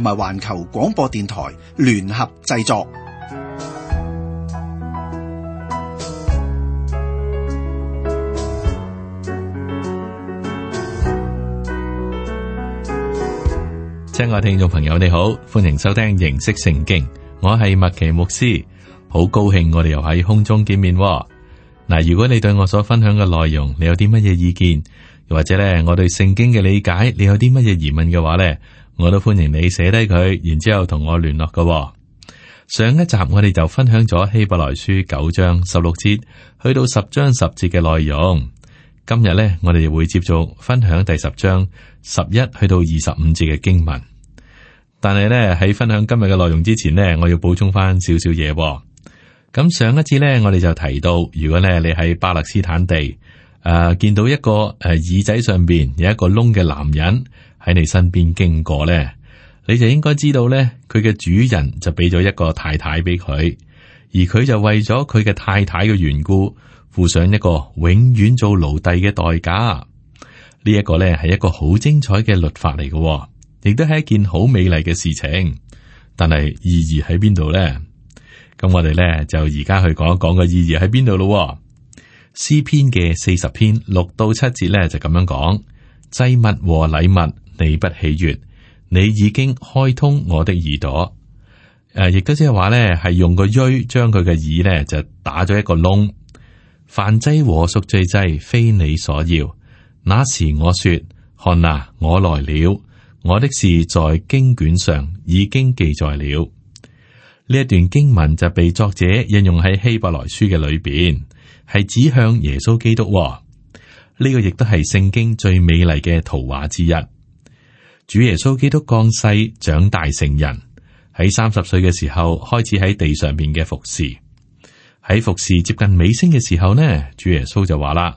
同埋環球廣播電台聯合製作。親愛的聽眾朋友，你好，歡迎收聽認識聖經。我係麥奇牧師，好高興我哋又喺空中見面。嗱，如果你對我所分享嘅內容，你有啲乜嘢意見，又或者咧，我對聖經嘅理解，你有啲乜嘢疑問嘅話咧？我都歡迎你寫低佢，然之後同我聯絡㗎喎。上一集我哋就分享咗希伯來書九章十六節去到十章十節嘅內容。今日呢，我哋會接續分享第十章十一去到二十五節嘅經文。但係呢，喺分享今日嘅內容之前呢，我要補充翻少少嘢。咁上一次呢，我哋就提到，如果呢你喺巴勒斯坦地，誒、呃、見到一個誒、呃、耳仔上邊有一個窿嘅男人。喺你身邊經過咧，你就應該知道咧，佢嘅主人就俾咗一個太太俾佢，而佢就為咗佢嘅太太嘅緣故，付上一個永遠做奴隸嘅代價。這個、呢一個咧係一個好精彩嘅律法嚟嘅，哦，亦都係一件好美麗嘅事情。但係意義喺邊度咧？咁、嗯、我哋咧就而家去講一講個意義喺邊度咯。詩篇嘅四十篇六到七節咧就咁樣講，祭物和禮物，你不喜悦，你已經開通我的耳朵。誒、啊，亦都即係話咧，係用個錐將佢嘅耳呢就打咗一個窿。燔祭和贖罪祭，非你所要。那時我說：看哪，我來了，我的事在經卷上已經記載了。呢一段經文就被作者引用喺希伯來書嘅裏邊，係指向耶穌基督喎。呢、這個亦都係聖經最美麗嘅圖畫之一。主耶穌基督降世長大成人，喺三十歲嘅時候開始喺地上面嘅服侍。喺服侍接近尾聲嘅時候呢，主耶穌就話啦：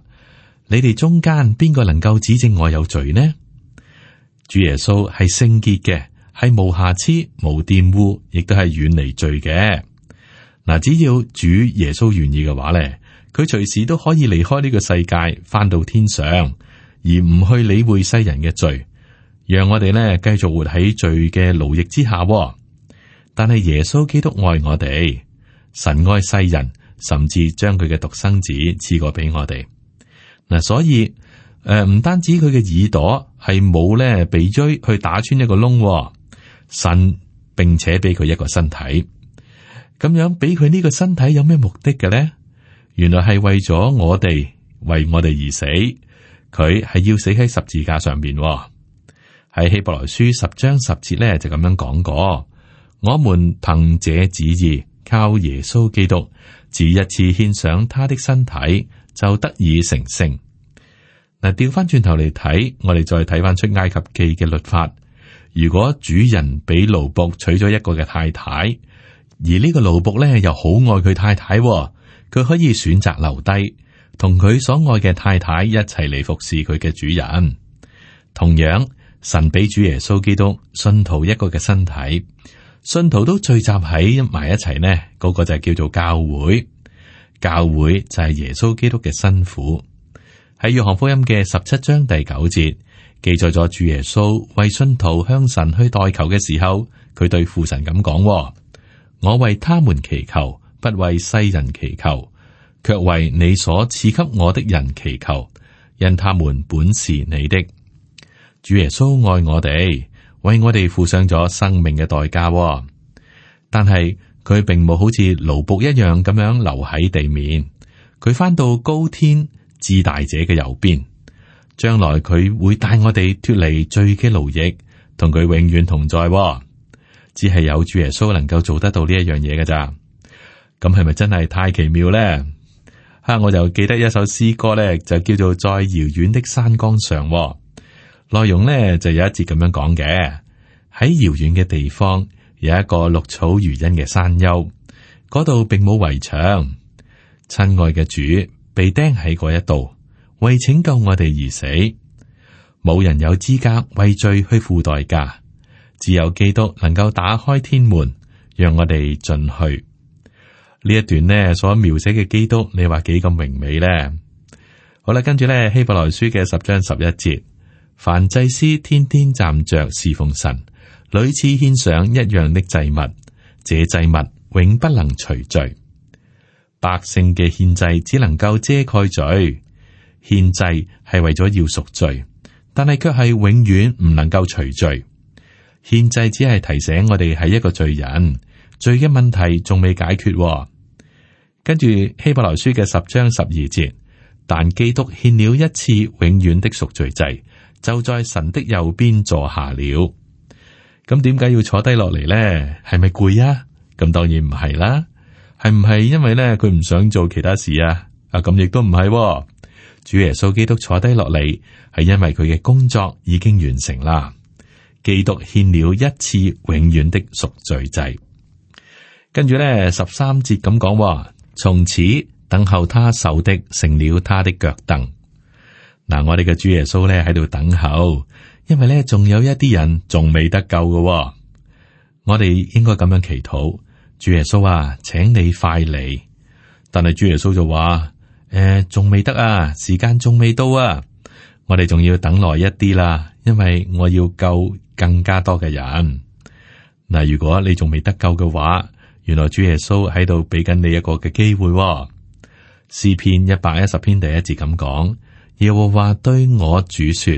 你哋中間邊個能夠指證我有罪呢？主耶穌係聖潔嘅，係無瑕疵、無玷污，亦都係遠離罪嘅。嗱，只要主耶穌願意嘅話咧，佢隨時都可以離開呢個世界，翻到天上，而唔去理會世人嘅罪。讓我哋咧繼續活喺罪嘅奴役之下，但係耶穌基督愛我哋，神愛世人，甚至將佢嘅獨生子賜過俾我哋嗱。所以誒，唔單止佢嘅耳朵係冇咧被錐去打穿一個窿，神並且俾佢一個身體。咁樣俾佢呢個身體有咩目的嘅咧？原來係為咗我哋為我哋而死，佢係要死喺十字架上邊。喺希伯來書十章十節咧，就咁樣講過。我們憑這旨意，靠耶穌基督，自一次獻上他的身體，就得以成聖。嗱，調翻轉頭嚟睇，我哋再睇翻出埃及記嘅律法。如果主人俾奴僕娶咗一個嘅太太，而呢個奴僕呢又好愛佢太太，佢可以選擇留低，同佢所愛嘅太太一齊嚟服侍佢嘅主人。同樣。神俾主耶穌基督信徒一個嘅身體，信徒都聚集喺埋一齊呢，嗰、嗰個就叫做教會。教會就係耶穌基督嘅辛苦。喺約翰福音嘅十七章第九節記載咗主耶穌為信徒向神去代求嘅時候，佢對父神咁講：我為他們祈求，不為世人祈求，卻為你所賜給我的人祈求，因他們本是你的。主耶穌愛我哋，為我哋付上咗生命嘅代價，哦。但係佢並冇好似奴僕一樣咁樣留喺地面，佢翻到高天至大者嘅右邊。將來佢會帶我哋脫離罪嘅奴役，同佢永遠同在，哦。只係有主耶穌能夠做得到呢一樣嘢噶咋？咁係咪真係太奇妙咧？吓，我就記得一首詩歌咧，就叫做《在遙遠的山崗上》哦。內容咧就有一節咁樣講嘅，喺遙遠嘅地方有一個綠草如茵嘅山丘，嗰度並冇圍牆。親愛嘅主被釘喺嗰一度，為拯救我哋而死。冇人有資格為罪去付代價，只有基督能夠打開天門，讓我哋進去。呢一段呢，所描寫嘅基督，你話幾咁明媚咧？好啦，跟住咧希伯來書嘅十章十一節。凡祭司天天站着侍奉神，屢次獻上一樣的祭物，這祭物永不能除罪。百姓嘅獻祭只能夠遮蓋罪，獻祭係為咗要贖罪，但係卻係永遠唔能夠除罪。獻祭只係提醒我哋係一個罪人，罪嘅問題仲未解決，哦。跟住希伯來書嘅十章十二節，但基督獻了一次永遠的贖罪祭，就在神的右邊坐下了，咁點解要坐低落嚟呢？係咪攰啊？咁當然唔係啦，係唔係因為咧佢唔想做其他事啊？啊咁亦都唔係，主耶穌基督坐低落嚟係因為佢嘅工作已經完成啦，基督獻了一次永遠的贖罪祭。跟住咧十三節咁講話，從此等候他手的成了他的腳凳。嗱，我哋嘅主耶穌咧喺度等候，因為咧仲有一啲人仲未得救嘅、哦，我哋應該咁樣祈禱，主耶穌啊，請你快嚟。但係主耶穌就話：誒、呃，仲未得啊，時間仲未到啊，我哋仲要等耐一啲啦，因為我要救更加多嘅人。嗱、呃，如果你仲未得救嘅話，原來主耶穌喺度俾緊你一個嘅機會、哦。詩篇一百一十篇第一節咁講。又話對我主說：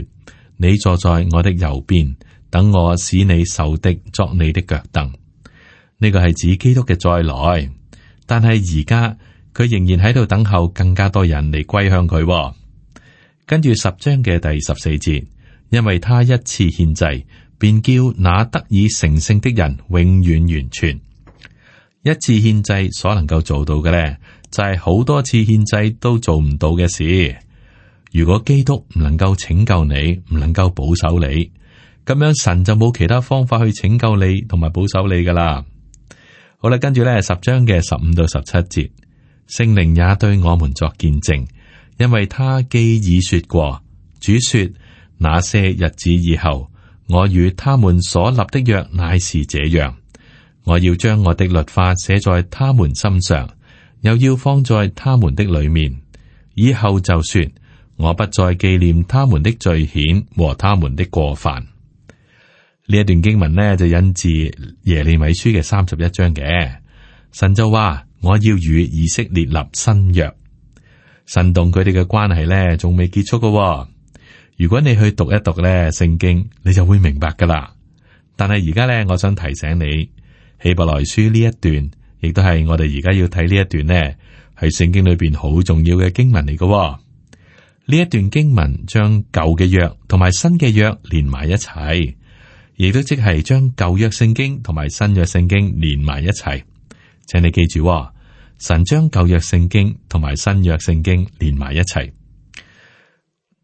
你坐在我的右邊，等我使你仇敵作你的腳凳。呢、這個係指基督嘅再來，但係而家佢仍然喺度等候更加多人嚟歸向佢。跟住十章嘅第十四節，因為他一次獻祭，便叫那得以成聖的人永遠完全。一次獻祭所能夠做到嘅呢，就係、是、好多次獻祭都做唔到嘅事。如果基督唔能夠拯救你，唔能夠保守你，咁樣神就冇其他方法去拯救你同埋保守你噶啦。好啦，跟住呢，十章嘅十五到十七節，聖靈也對我們作見證，因為他既已說過，主說：那些日子以後，我與他們所立的約乃是這樣，我要將我的律法寫在他們心上，又要放在他們的裏面，以後就說。我不再紀念他們的罪愆和他們的過犯。呢一段經文呢，就引自耶利米書嘅三十一章嘅，神就話，我要與以色列立新約，神同佢哋嘅關係呢，仲未結束㗎喎。如果你去讀一讀呢聖經你就會明白噶啦。但係而家呢，我想提醒你希伯來書呢一段，亦都係我哋而家要睇呢一段呢，係聖經裏邊好重要嘅經文嚟㗎喎。呢一段經文將舊嘅約同埋新嘅約連埋一齊，亦都即係將舊約聖經同埋新約聖經連埋一齊。請你記住、哦，神將舊約聖經同埋新約聖經連埋一齊。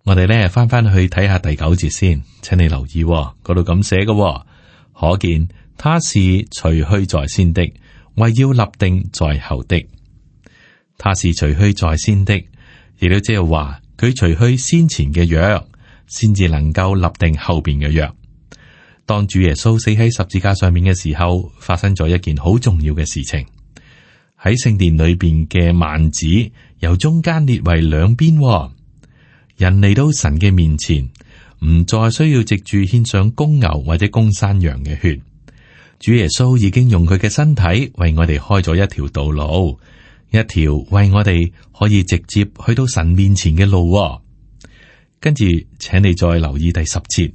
我哋咧翻翻去睇下第九節先，請你留意嗰度咁寫嘅、哦，可見他是除去在先的，為要立定在後的。他是除去在先的，亦都即係話。佢除去先前嘅約，先至能夠立定後邊嘅約。當主耶穌死喺十字架上面嘅時候，發生咗一件好重要嘅事情。喺聖殿裏邊嘅幔子由中間裂為兩邊，哦，人嚟到神嘅面前，唔再需要藉住獻上公牛或者公山羊嘅血。主耶穌已經用佢嘅身體為我哋開咗一條道路。一條為我哋可以直接去到神面前嘅路，哦，跟住請你再留意第十節。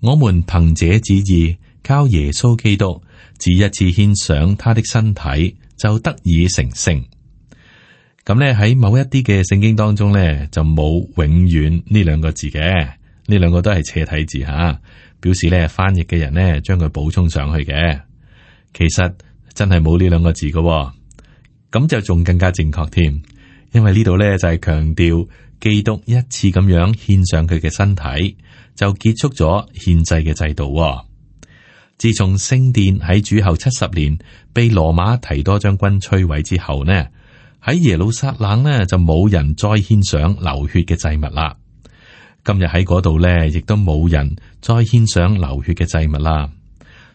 我們憑這旨意，靠耶穌基督，只一次獻上他的身體，就得以成聖。咁呢，喺某一啲嘅聖經當中呢，就冇永遠呢兩個字嘅，呢兩個都係斜體字吓，啊，表示呢，翻譯嘅人呢，將佢補充上去嘅。其實真係冇呢兩個字嘅。哦。咁就仲更加正確添，因為呢度呢，就係強調基督一次咁樣獻上佢嘅身體，就結束咗獻祭嘅制度。自從聖殿喺主後七十年被羅馬提多將軍摧毀之後呢，喺耶路撒冷呢就冇人再獻上流血嘅祭物啦。今日喺嗰度呢，亦都冇人再獻上流血嘅祭物啦。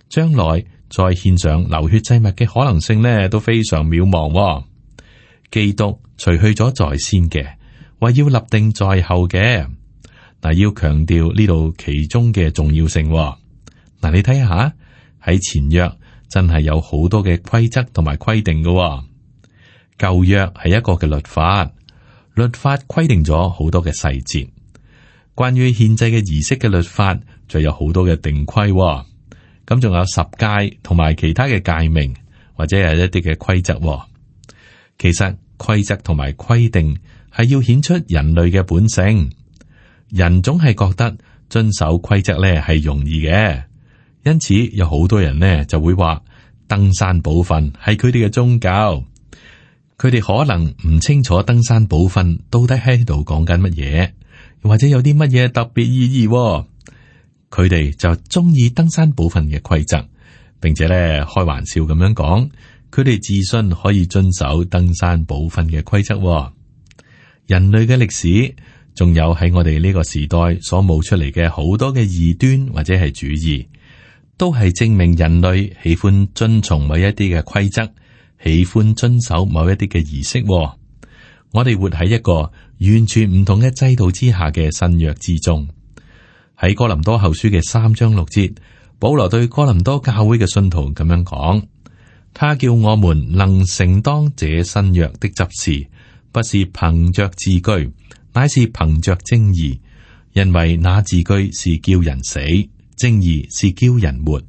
將來。再獻上流血祭物嘅可能性呢，都非常渺茫，哦。基督除去咗在先嘅，為要立定在後嘅，嗱，要強調呢度其中嘅重要性，哦。嗱，你睇下喺前約真係有好多嘅規則同埋規定嘅，哦。舊約係一個嘅律法，律法規定咗好多嘅細節，關於獻祭嘅儀式嘅律法，就有好多嘅定規，哦。咁仲有十誡同埋其他嘅誡命，或者係一啲嘅規則。其實規則同埋規定係要顯出人類嘅本性。人總係覺得遵守規則咧係容易嘅，因此有好多人呢就會話登山寶訓係佢哋嘅宗教。佢哋可能唔清楚登山寶訓到底喺度講緊乜嘢，或者有啲乜嘢特別意義、哦。佢哋就中意登山寶訓嘅規則，並且咧開玩笑咁樣講，佢哋自信可以遵守登山寶訓嘅規則。人類嘅歷史，仲有喺我哋呢個時代所冒出嚟嘅好多嘅異端或者係主義，都係證明人類喜歡遵從某一啲嘅規則，喜歡遵守某一啲嘅儀式，哦。我哋活喺一個完全唔同嘅制度之下嘅新約之中。喺哥林多後書嘅三章六節，保羅對哥林多教會嘅信徒咁樣講：他叫我們能承當這新約的執事，不是憑着字句，乃是憑着精意。因為那字句是叫人死，精意是叫人活。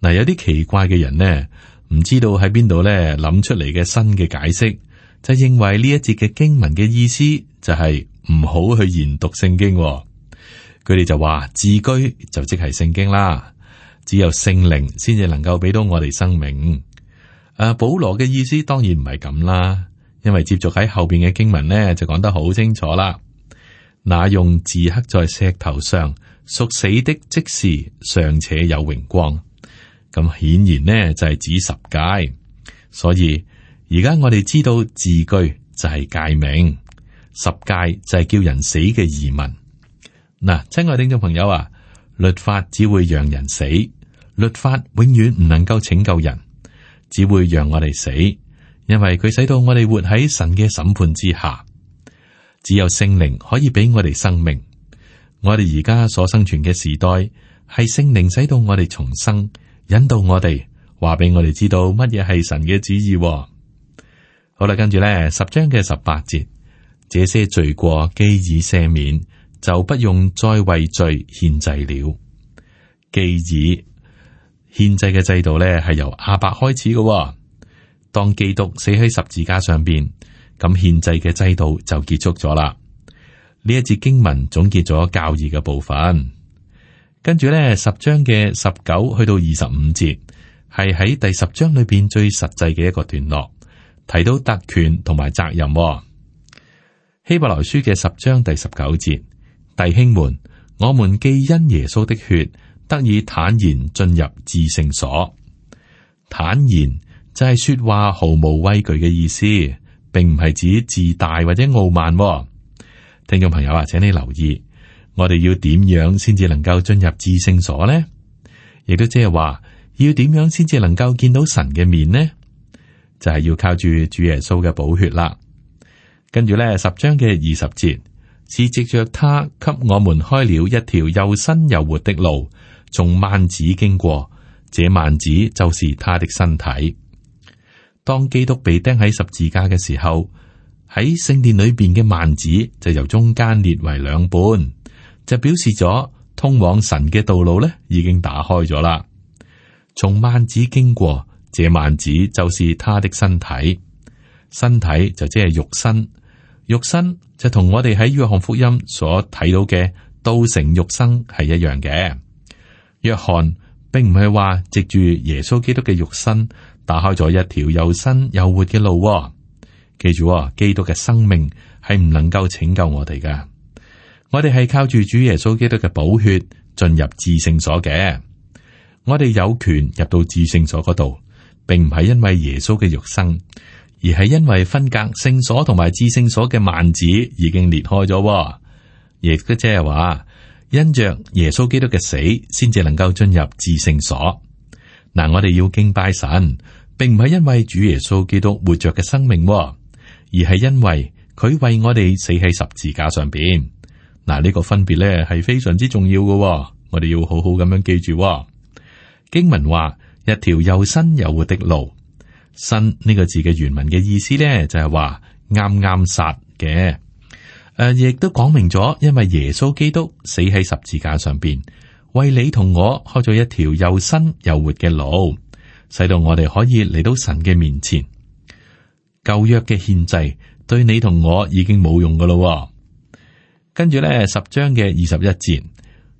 嗱、啊，有啲奇怪嘅人呢，唔知道喺邊度呢，諗出嚟嘅新嘅解釋，就認為呢一節嘅經文嘅意思就係唔好去研讀聖經，哦。佢哋就話字句就即係聖經啦，只有聖靈先至能夠俾到我哋生命。誒、啊，保羅嘅意思當然唔係咁啦，因為接續喺後邊嘅經文咧就講得好清楚啦。那用字刻在石頭上，屬死的即時尚且有榮光。咁顯然呢就係、是、指十誡。所以而家我哋知道字句就係誡命，十誡就係叫人死嘅移民。嗱，親愛聽眾朋友啊，律法只會讓人死，律法永遠唔能夠拯救人，只會讓我哋死，因為佢使到我哋活喺神嘅審判之下。只有聖靈可以俾我哋生命，我哋而家所生存嘅時代係聖靈使到我哋重生，引導我哋，話俾我哋知道乜嘢係神嘅旨意。好啦，跟住咧，十章嘅十八節，這些罪過既已赦免，就不用再為罪獻祭了。既而獻祭嘅制度呢，係由阿伯開始嘅，哦。當基督死喺十字架上邊，咁獻祭嘅制度就結束咗啦。呢一節經文總結咗教義嘅部分。跟住呢，十章嘅十九去到二十五節，係喺第十章裏邊最實際嘅一個段落，提到特權同埋責任，哦。希伯來書嘅十章第十九節。弟兄們，我們既因耶穌的血得以坦然進入至聖所，坦然就係、是、說話毫無畏懼嘅意思，並唔係指自大或者傲慢、哦。聽眾朋友啊，請你留意，我哋要點樣先至能夠進入至聖所呢？亦都即係話要點樣先至能夠見到神嘅面呢？就係、是、要靠住主耶穌嘅寶血啦。跟住咧，十章嘅二十節。是藉着他給我們開了一條又新又活的路，從幔子經過，這幔子就是他的身體。當基督被釘喺十字架嘅時候，喺聖殿裏邊嘅幔子就由中間裂為兩半，就表示咗通往神嘅道路呢已經打開咗啦。從幔子經過，這幔子就是他的身體，身體就即係肉身。肉身就同我哋喺約翰福音所睇到嘅道成肉身係一樣嘅。約翰並唔係話藉住耶穌基督嘅肉身打開咗一條又新又活嘅路，哦。記住，哦，基督嘅生命係唔能夠拯救我哋噶。我哋係靠住主耶穌基督嘅寶血進入至聖所嘅。我哋有權入到至聖所嗰度，並唔係因為耶穌嘅肉身。而係因為分隔聖所同埋至聖所嘅幔子已經裂開咗，亦都即係話，因着耶穌基督嘅死，先至能夠進入至聖所。嗱、嗯，我哋要敬拜神，並唔係因為主耶穌基督活着嘅生命，而係因為佢為我哋死喺十字架上邊。嗱、嗯、呢、這個分別咧係非常之重要嘅，我哋要好好咁樣記住。經文話：一條又新又活的路。新呢、這個字嘅原文嘅意思呢，就係話啱啱殺嘅。誒、呃，亦都講明咗，因為耶穌基督死喺十字架上邊，為你同我開咗一條又新又活嘅路，使到我哋可以嚟到神嘅面前。舊約嘅獻祭對你同我已經冇用噶啦。跟住呢，十章嘅二十一節，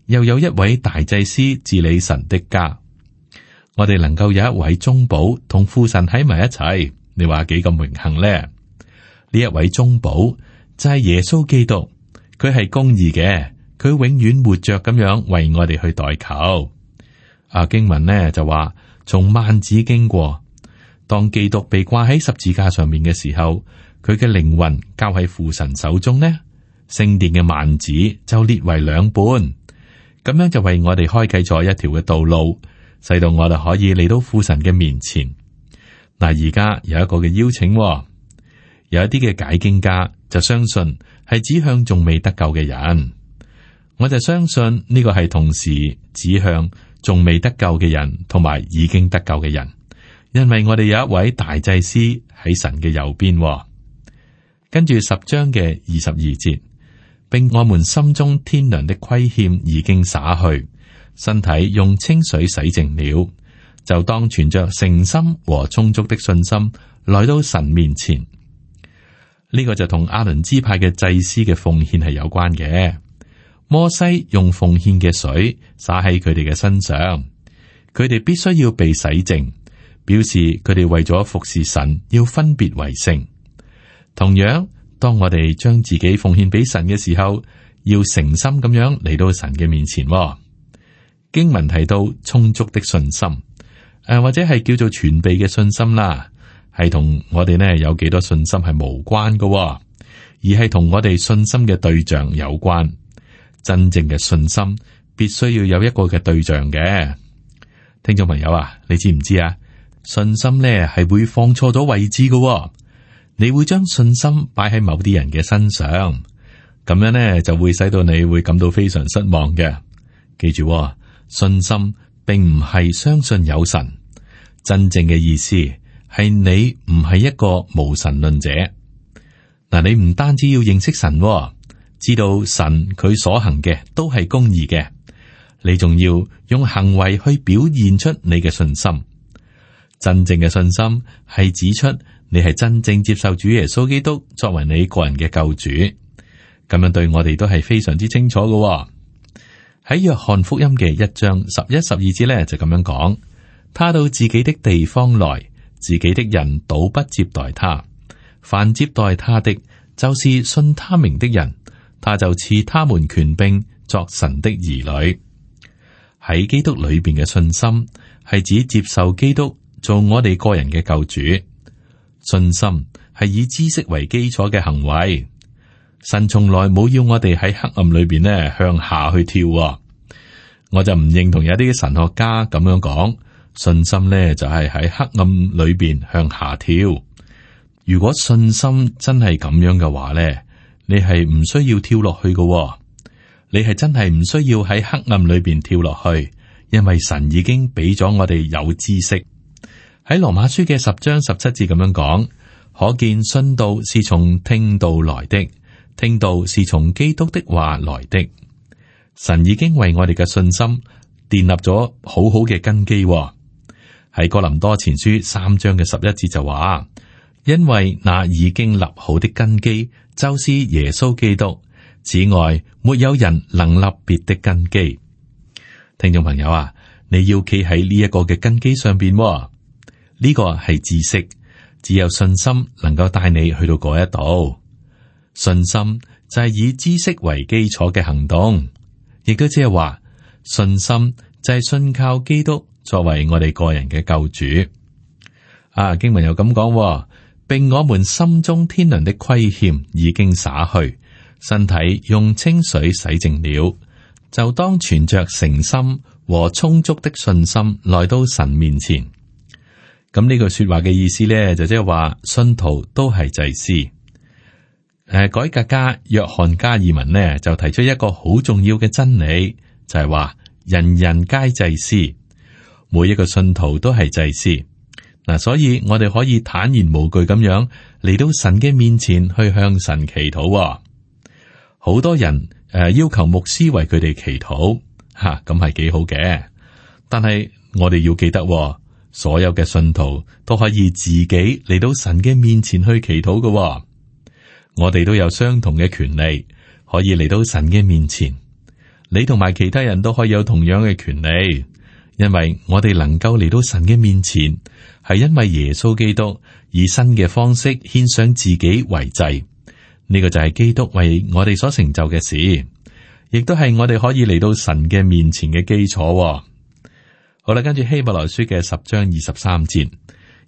又有一位大祭司治理神的家。我哋能夠有一位中保同父神喺埋一齊，你話幾咁榮幸呢？呢一位中保就係耶穌基督，佢係公義嘅，佢永遠活着咁樣為我哋去代求。啊，經文呢就話從幔子經過，當基督被掛喺十字架上面嘅時候，佢嘅靈魂交喺父神手中呢，聖殿嘅幔子就裂為兩半，咁樣就為我哋開啟咗一條嘅道路。使到我哋可以嚟到父神嘅面前。嗱，而家有一個嘅邀請、哦，有一啲嘅解經家就相信係指向仲未得救嘅人。我就相信呢個係同時指向仲未得救嘅人，同埋已經得救嘅人。因為我哋有一位大祭司喺神嘅右邊、哦。跟住十章嘅二十二節，並我們心中天良的虧欠已經灑去。身體用清水洗淨了，就當存着誠心和充足的信心來到神面前。呢個就同阿倫支派嘅祭司嘅奉獻係有關嘅。摩西用奉獻嘅水灑喺佢哋嘅身上，佢哋必須要被洗淨，表示佢哋為咗服侍神要分別為聖。同樣，當我哋將自己奉獻俾神嘅時候，要誠心咁樣嚟到神嘅面前。經文提到充足的信心，誒、啊，或者係叫做全備嘅信心啦，係同我哋呢有幾多信心係無關嘅、哦，而係同我哋信心嘅對象有關。真正嘅信心必須要有一個嘅對象嘅。聽眾朋友啊，你知唔知啊？信心呢係會放錯咗位置嘅、哦，你會將信心擺喺某啲人嘅身上，咁樣呢就會使到你會感到非常失望嘅。記住、哦。信心並唔係相信有神，真正嘅意思係你唔係一個無神論者。嗱，你唔單止要認識神，知道神佢所行嘅都係公義嘅，你仲要用行為去表現出你嘅信心。真正嘅信心係指出你係真正接受主耶穌基督作為你個人嘅救主。咁樣對我哋都係非常之清楚嘅。喺約翰福音嘅一章十一十二節呢，就咁樣講，他到自己的地方來，自己的人倒不接待他，凡接待他的，就是信他名的人，他就賜他們權柄作神的兒女。喺基督裏邊嘅信心係指接受基督做我哋個人嘅救主，信心係以知識為基礎嘅行為。神從來冇要我哋喺黑暗裏邊呢向下去跳。哦，我就唔認同有啲嘅神學家咁樣講信心呢就係、是，喺黑暗裏邊向下跳。如果信心真係咁樣嘅話呢，你係唔需要跳落去嘅。哦。你係真係唔需要喺黑暗裏邊跳落去，因為神已經俾咗我哋有知識，喺羅馬書嘅十章十七節咁樣講，可見信道是從聽道來的。聽到是從基督的話來的，神已經為我哋嘅信心建立咗好好嘅根基、哦。喺哥林多前書三章嘅十一節就話：因為那已經立好的根基，就是耶穌基督，此外沒有人能立別的根基。聽眾朋友啊，你要企喺呢一個嘅根基上邊、哦，呢、這個係知識，只有信心能夠帶你去到嗰一度。信心就係以知識為基礎嘅行動，亦都即係話信心就係信靠基督作為我哋個人嘅救主。啊，經文又咁講，並我們心中天良的虧欠已經灑去，身體用清水洗淨了，就當存着誠心和充足的信心來到神面前。咁、嗯、呢句說話嘅意思咧，就即係話信徒都係祭司。誒，改革家約翰加爾文呢就提出一個好重要嘅真理，就係、是、話人人皆祭司，每一個信徒都係祭司嗱，所以我哋可以坦然無懼咁樣嚟到神嘅面前去向神祈禱、哦。好多人誒、呃、要求牧師為佢哋祈禱吓，咁係幾好嘅，但係我哋要記得、哦，所有嘅信徒都可以自己嚟到神嘅面前去祈禱嘅、哦。我哋都有相同嘅權利，可以嚟到神嘅面前。你同埋其他人都可以有同樣嘅權利，因為我哋能夠嚟到神嘅面前，係因為耶穌基督以新嘅方式獻上自己為祭。呢、這個就係基督為我哋所成就嘅事，亦都係我哋可以嚟到神嘅面前嘅基礎、哦。好啦，跟住希伯來書嘅十章二十三節，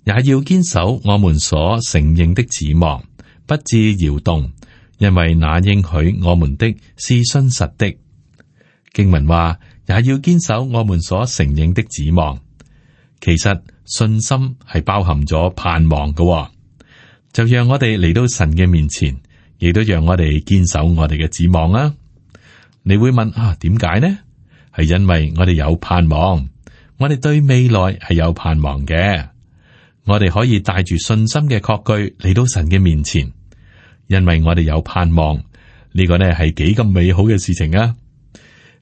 也要堅守我們所承認的指望。不至搖動，因為那應許我們的是信實的。經文話，也要堅守我們所承認的指望。其實信心係包含咗盼望嘅、哦，就讓我哋嚟到神嘅面前，亦都讓我哋堅守我哋嘅指望啊！你會問啊，點解呢？係因為我哋有盼望，我哋對未來係有盼望嘅。我哋可以帶住信心嘅確據嚟到神嘅面前，因為我哋有盼望。呢、這個呢係幾咁美好嘅事情啊！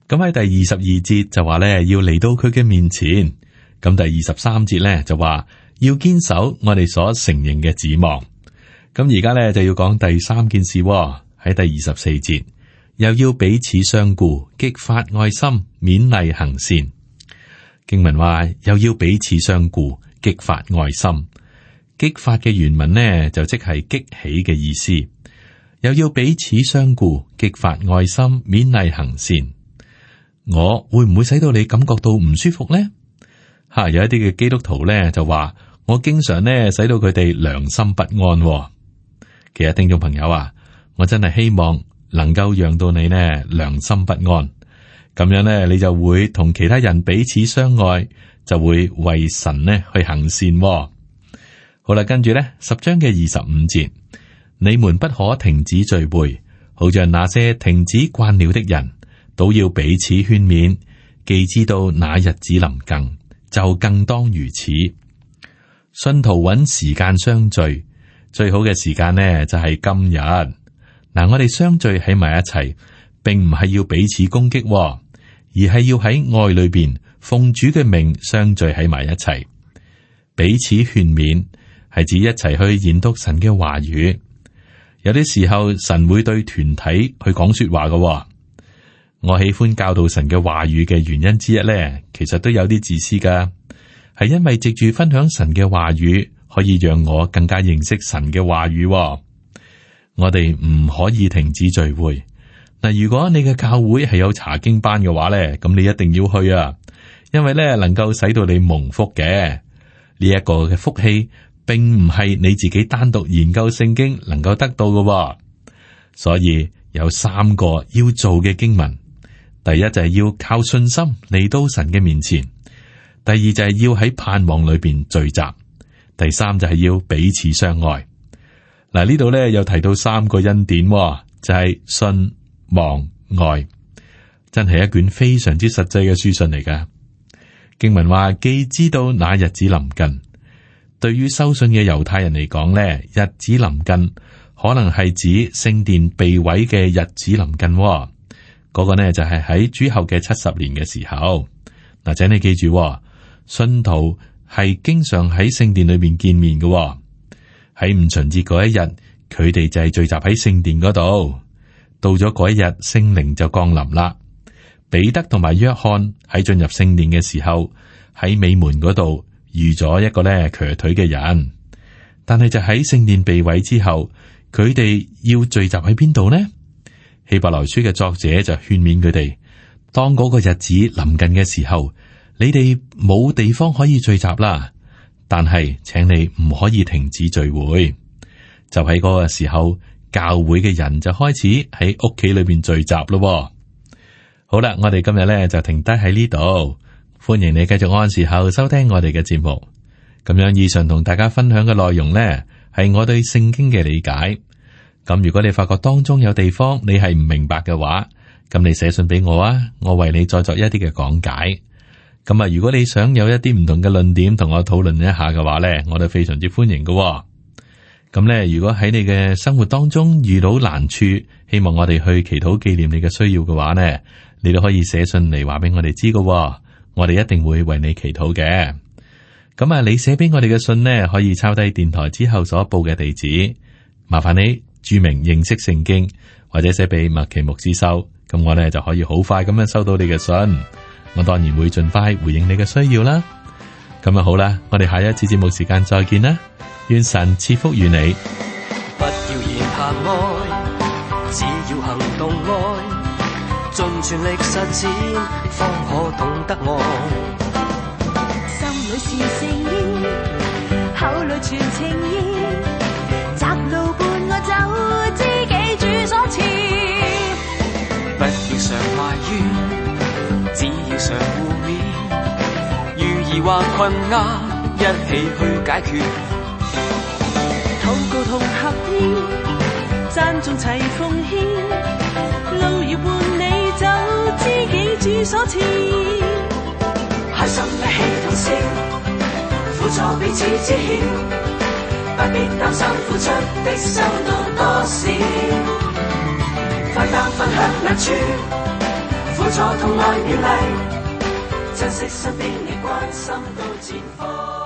咁喺第二十二節就話咧，要嚟到佢嘅面前。咁第二十三節呢，就話要堅守我哋所承認嘅指望。咁而家呢，就要講第三件事喎、哦，喺第二十四節又要彼此相顧，激發愛心，勉勵行善。經文話又要彼此相顧。激發愛心，激發嘅原文呢就即係激起嘅意思，又要彼此相顧，激發愛心，勉勵行善。我會唔會使到你感覺到唔舒服呢？吓，啊，有一啲嘅基督徒呢，就話，我經常呢，使到佢哋良心不安哦。其實聽眾朋友啊，我真係希望能夠讓到你呢良心不安，咁樣呢你就會同其他人彼此相愛。就會為神呢去行善哦。好啦，跟住呢十章嘅二十五節，你們不可停止聚會，好像那些停止慣了的人，都要彼此勸勉，既知道那日子臨近，就更當如此。信徒揾時間相聚，最好嘅時間呢就係、是、今日。嗱，我哋相聚喺埋一齊，並唔係要彼此攻擊、哦，而係要喺愛裏邊。奉主嘅命相聚喺埋一齊，彼此勸勉，係指一齊去研讀神嘅話語。有啲時候神會對團體去講說話嘅、哦。我喜歡教導神嘅話語嘅原因之一咧，其實都有啲自私嘅，係因為藉住分享神嘅話語，可以讓我更加認識神嘅話語、哦。我哋唔可以停止聚會。嗱，如果你嘅教會係有查經班嘅話咧，咁你一定要去啊，因為咧能夠使到你蒙福嘅呢一個嘅福氣，並唔係你自己單獨研究聖經能夠得到嘅。所以有三個要做嘅經文，第一就係要靠信心嚟到神嘅面前，第二就係要喺盼望裏面聚集，第三就係要彼此相愛。嗱，呢度咧又提到三個恩典，就係信。望外真係一卷非常之實際嘅書信嚟噶。經文話：既知道那日子臨近，對於收信嘅猶太人嚟講咧，日子臨近可能係指聖殿被毀嘅日子臨近、哦。那個呢就係喺主後嘅七十年嘅時候。嗱，請你記住、哦，信徒係經常喺聖殿裏面見面嘅、哦。喺五旬節嗰一日，佢哋就係聚集喺聖殿嗰度。到咗嗰一日，聖靈就降臨啦。彼得同埋約翰喺進入聖殿嘅時候，喺美門嗰度遇咗一個咧瘸腿嘅人。但係就喺聖殿被毀之後，佢哋要聚集喺邊度呢？希伯來書嘅作者就勸勉佢哋：當嗰個日子臨近嘅時候，你哋冇地方可以聚集啦。但係，請你唔可以停止聚會。就喺，是，嗰個時候。教會嘅人就開始喺屋企裏邊聚集咯，哦。好啦，我哋今日咧就停低喺呢度。歡迎你繼續按時候收聽我哋嘅節目。咁樣以上同大家分享嘅內容呢係我對聖經嘅理解。咁如果你發覺當中有地方你係唔明白嘅話，咁你寫信俾我啊，我為你再作一啲嘅講解。咁啊，如果你想有一啲唔同嘅論點同我討論一下嘅話呢，我都非常之歡迎嘅，哦。咁咧，如果喺你嘅生活當中遇到難處，希望我哋去祈禱紀念你嘅需要嘅話呢，你都可以寫信嚟話俾我哋知噶，我哋一定會為你祈禱嘅。咁啊，你寫俾我哋嘅信呢，可以抄低電台之後所報嘅地址，麻煩你注明認識聖經或者寫俾麥奇牧師收，咁我呢就可以好快咁樣收到你嘅信，我當然會盡快回應你嘅需要啦。咁啊好啦，我哋下一次節目時間再見啦。願神賜福於你。不要言談愛，只要行動愛，盡全力實踐，方可懂得愛。心裏是誠意，口裏全情意，擇路伴我走，知己主所賜。不要常埋怨，只要常互勉，遇疑惑困厄，一起去解決。讚頌齊奉獻，路遙伴你走，知己主所賜，開心一起同笑，苦楚彼此支牽，不必擔心付出的收到多少，快樂分享兩處，苦楚同捱勉勵，珍惜身邊的關心都前方。